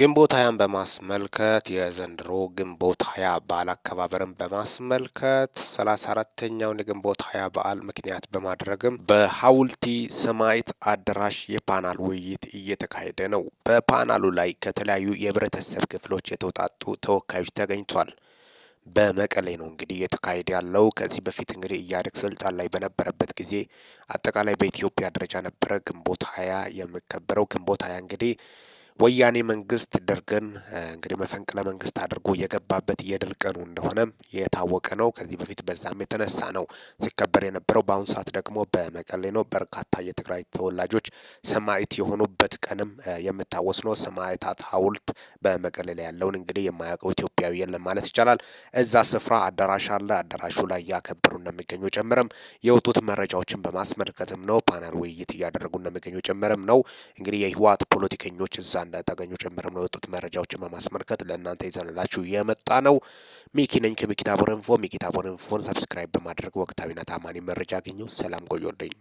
ግንቦት ሀያን በማስመልከት የዘንድሮ ግንቦት ሀያ በዓል አከባበርን በማስመልከት ሰላሳ አራተኛውን የግንቦት ሀያ በዓል ምክንያት በማድረግም በሀውልቲ ሰማይት አዳራሽ የፓናል ውይይት እየተካሄደ ነው። በፓናሉ ላይ ከተለያዩ የህብረተሰብ ክፍሎች የተውጣጡ ተወካዮች ተገኝቷል። በመቀሌ ነው እንግዲህ እየተካሄደ ያለው። ከዚህ በፊት እንግዲህ ኢህአዴግ ስልጣን ላይ በነበረበት ጊዜ አጠቃላይ በኢትዮጵያ ደረጃ ነበረ ግንቦት ሀያ የሚከበረው። ግንቦት ሀያ እንግዲህ ወያኔ መንግስት ደርግን እንግዲህ መፈንቅለ መንግስት አድርጎ የገባበት የድል እንደሆነ የታወቀ ነው። ከዚህ በፊት በዛም የተነሳ ነው ሲከበር የነበረው። በአሁኑ ሰዓት ደግሞ በመቀሌ ነው። በርካታ የትግራይ ተወላጆች ሰማዕት የሆኑበት ቀንም የምታወስ ነው። ሰማዕታት ሐውልት በመቀሌ ላይ ያለውን እንግዲህ የማያውቀው ኢትዮጵያዊ የለም ማለት ይቻላል። እዛ ስፍራ አዳራሽ አለ። አዳራሹ ላይ እያከበሩ እንደሚገኙ ጨምረም የወጡት መረጃዎችን በማስመልከትም ነው ፓናል ውይይት እያደረጉ እንደሚገኙ ጨምረም ነው እንግዲህ የህወሓት ፖለቲከኞች እዛ እንዳታገኙ ጭምርም ነው የወጡት መረጃዎችን በማስመልከት ለእናንተ ይዘንላችሁ የመጣ ነው። ሚኪ ነኝ ከሚኪታቦር ኢንፎ። ሚኪታቦር ኢንፎን ሰብስክራይብ በማድረግ ወቅታዊና ታማኒ መረጃ አግኙ። ሰላም ቆዩልኝ።